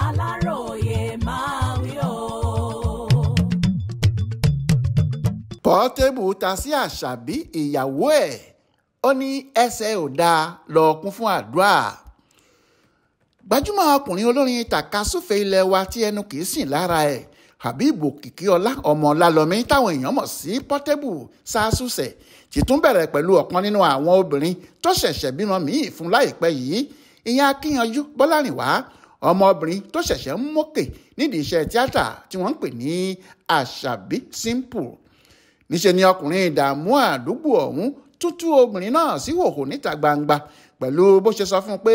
aláròye máa wí o. pọ́tébù ta sí àṣàbí ìyàwó ẹ̀ ó ní ẹsẹ̀ ò dáa lọ kún fún àdúrà gbajúmọ̀ ọkùnrin olórin tàkasúfè ilẹ̀ wa tí ẹnu kì í sìn lára ẹ̀ habibu kìkíọlá ọmọ lálọmí táwọn èèyàn mọ̀ sí pọ́tébù sásùsẹ̀ ti tún bẹ̀rẹ̀ pẹ̀lú ọ̀kan nínú àwọn obìnrin tó ṣẹ̀ṣẹ̀ bímọ míì fún láìpẹ́ yìí ìyẹn akíyanjú bọ́lárìnwá ọmọbìnrin tó ṣẹ̀ṣẹ̀ ń mókè nídìí iṣẹ́ tíátà tí wọ́n ń pè ní àṣàbí simple níṣẹ́ ni ọkùnrin ìdààmú àdúgbò ọ̀hún tútú obìnrin náà sí hòhò níta gbangba pẹ̀lú bó ṣe sọ fún un pé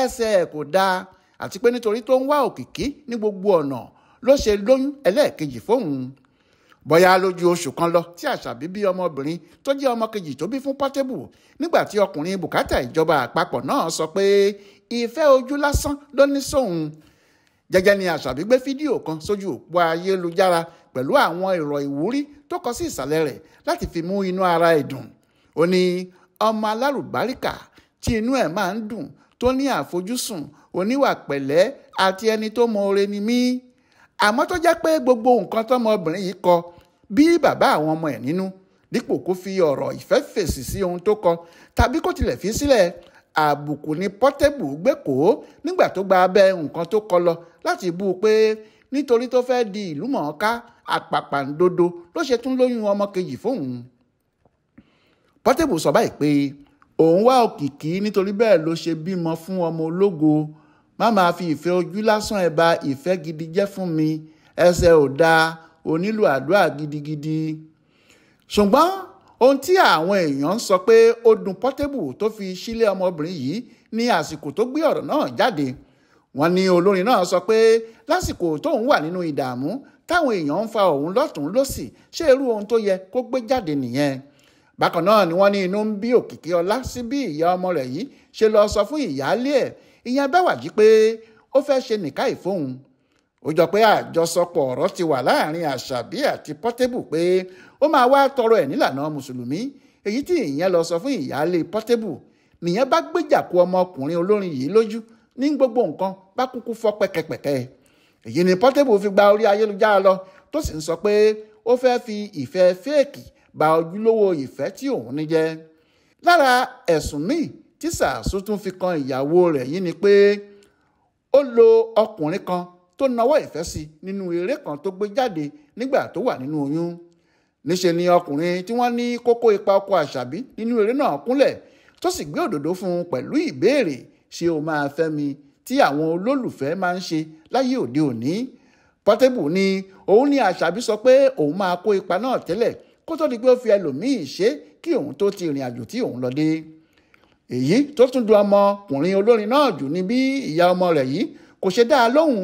ẹsẹ̀ kò dáa àti pé nítorí tó ń wá òkìkí ní gbogbo ọ̀nà ló ṣe lóyún ẹlẹ́ẹ̀kejì fóun bóyá lójú oṣù kan lọ tí àṣàbí bí ọmọbìnrin tó jẹ́ ọmọ kejì tó bí fún pọ́tébù nígbà tí ọkùnrin bùkátà ìjọba àpapọ̀ náà sọ pé ìfẹ́ ojú lásán ló ní sóhun jẹ́jẹ́ ni àṣàbí gbé fídíò kan sójú òpó ayélujára pẹ̀lú àwọn èrò ìwúrí tó kọ sí ìsàlẹ̀ rẹ̀ láti fi mú inú ara ẹ̀ dùn ó ní ọmọ alárùbáríkà tí inú ẹ̀ máa ń dùn tó ní àfojúsùn oníwà pẹ̀lẹ́ àti ẹni tó mọ ore ni mí àmọ́ tó jẹ́ pé gbogbo nǹkan tọ́mọbìnrin yìí kọ bí bàbá àwọn ọmọ ẹ̀ nínú dípò kó fi ọ̀rọ̀ ìfẹ́ fèsì sí ohun tó kọ tàbí kó tilẹ̀ fi sílẹ̀ àbùkù ni Portable gbé kó nígbà tó gba abẹ́ nǹkan tó kọ lọ láti bú u pé nítorí tó fẹ́ di ìlú mọ̀ọ́ká àpàpàǹdodo ló ṣe tún lóyún ọmọ kejì fóun Portable sọ báyìí pé òun wá òkìkí nítorí bẹ́ẹ̀ ló ṣe bímọ fún ọmọ ológo má máa fi ìfẹ́ ojú lásán ẹ̀ ba ìfẹ́ gidi jẹ́ fún mi ẹsẹ̀ ò dáa ó nílò àdúrà gidigidi ṣùgbọ́n ohun tí àwọn èèyàn ń sọ pé ó dùn Portable tó fi sílé ọmọbìnrin yìí ní àsìkò tó gbé ọ̀rọ̀ náà jáde wọ́n ní olórin náà sọ pé lásìkò tóun wà nínú ìdààmú táwọn èèyàn ń fa òun lọ́tún lọ́sì ṣé irú ohun tó yẹ kó gbé jáde nìyẹn bákan náà ni wọ́n ní inú ń bí òkìkí ọlá sí bí ìyá ọmọ rẹ̀ yìí ṣe lọ sọ fún ìyáálé ẹ̀ ìyẹn Bẹ́wàjí pé ó fẹ́ ṣe nìkáì fóun ó jọ pé àjọsọpọ̀ ọ̀rọ̀ ti wà láàrin àṣàbí àti pọ́tébù pé ó máa wá tọrọ ẹ̀ nílànà mùsùlùmí èyí tí ìyẹn lọ sọ fún ìyáálé pọ́tébù nìyẹn bá gbéjà kó ọmọkùnrin olórin yìí lójú ní gbogbo nǹkan bá kúkú fọ́ pẹ́kẹ́pẹ́kẹ́ èyí ni pọ́tébù fi gba orí ayélujára lọ tó sì ń sọ pé ó fẹ́ fi ìfẹ́ fẹ́ẹ̀kì ba ojúlówó ìfẹ́ tí òun ní jẹ́ lára ẹ̀sùn míì tí sàásù tún fi kan ìyàwó rẹ̀ yìí ni pé ó lo ọkùnrin kan tó nawọ́ ìfẹ́ sí nínú eré kan tó gbé jáde nígbà tó wà nínú oyún níṣe ni ọkùnrin tí wọ́n ní kókó ipa ọkọ àṣàbí nínú eré náà kúnlẹ̀ tó sì gbé òdòdó fún un pẹ̀lú ìbéèrè ṣé o máa fẹ́ mi tí àwọn olólùfẹ́ máa ń ṣe láyé òde òní Portable ni òun ní àṣàbí sọ pé òun máa kó ipa náà tẹ́lẹ̀ kó tó di pé ó fi ẹlòmíì ṣe kí òun tó ti ìrìn àjò tí òun lọ dé èyí tó tún du ọmọkùnrin olórin náà jù ní bí ìyá ọmọ rẹ̀ yìí kò ṣe dáa lóhùn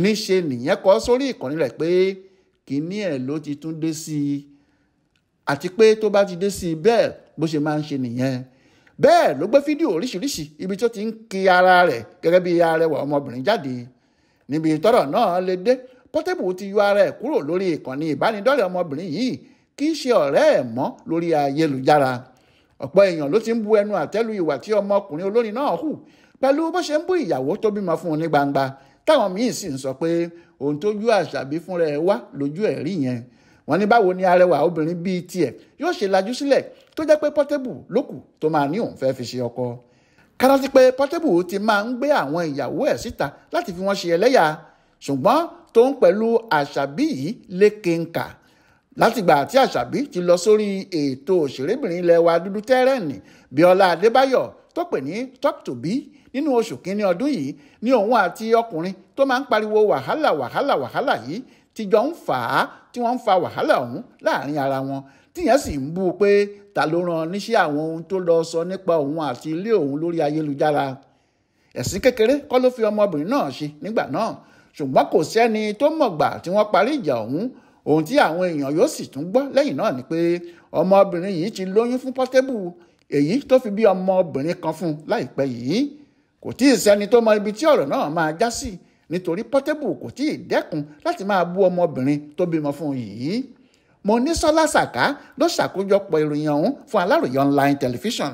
níṣe nìyẹn kọ sórí ìkànnì rẹ̀ pé kínní ẹ̀ ló ti tún dé sí i àti pé tó bá ti dé sí i bẹ́ẹ̀ bó ṣe máa ń ṣe nìyẹn bẹ́ẹ̀ ló gbé fídíò oríṣiríṣi ibi tó ti ń ki ara rẹ̀ gẹ́gẹ́ bí arẹwà ọmọbìnrin jáde níbi tọ́rọ̀ náà lè dé Portable ti yọ ara ẹ̀ kúrò lórí ìkànnì ìbánidọ́rẹ̀ẹ́ ọmọbìnrin yìí kì í ṣe ọ̀rẹ́ ẹ̀ mọ́ lórí ayélujára ọ̀pọ̀ èèyàn ló ti ń bu ẹnu àtẹ́lu ìwà tí ọmọkùnrin olórin náà hù pẹ̀lú bó ṣe ń bú ìyàwó tó bímọ fún un ní gbangba táwọn míì sì ń sọ pé ohun tójú àṣàbí fúnra ẹ̀ wá lójú ẹ̀ rí yẹn wọ́n ní báwo ni arẹwà obìnrin bíi tiẹ̀ yóò ṣe lajú sílẹ̀ tó jẹ́ pé pọ́tébù lókù tó máa ní òun fẹ́ẹ́ fi ṣe ọkọ káràtí pé pọ́tébù ti máa ń gbé àwọn ìyàwó ẹ̀ síta láti fi wọ́n ṣe ẹlẹ́yà ṣùgbọ́n tó ń pẹ̀lú àṣàbí yìí lékenkà látìgbà tí àṣàbí ti lọ sórí ètò òṣèrébìnrin ilẹ̀ dúdú tẹ́rẹ̀ẹ́nì bíọ́lá adébáyọ̀ tó pè ní talk to be nínú oṣù kínní ọdún yìí ni òun àti ọkùnrin tó máa ń pariwo wàhálà wàhálà wàhálà yìí ti jọ ń fà á tí wọ́n ń fa wàhálà ọ̀hún láàrin ara wọn tíyẹn sì ń bú pé ta ló rán níṣẹ́ àwọn ohun tó lọ sọ nípa òun àti ilé òun lórí ayélujára ẹ̀sìn kékeré kọ́ ló fi ọmọbìnrin náà ṣe nígbà náà ṣùgbọ́n kò sẹ́ni tó mọ̀gbà tí wọ́n parí ìjà ọ̀hún ohun tí àwọn èèyàn yóò sì tún gbọ́ lẹ́yìn náà ni pé ọmọbìnrin yìí ti lóyún fún Portable èyí tó fi bí ọmọbìnrin kan fún láìpẹ́ yìí kò tí ì sẹ́ni tó mọ ibi tí ọ̀rọ̀ náà máa já sí nítorí Portable kò tí ì dẹ́kun láti máa bú ọmọbìnrin tó bímọ fún un yìí Monísọ́lá Sàká ló ṣàkójọpọ̀ ìròyìn ọ̀hún fún Aláròyé online television.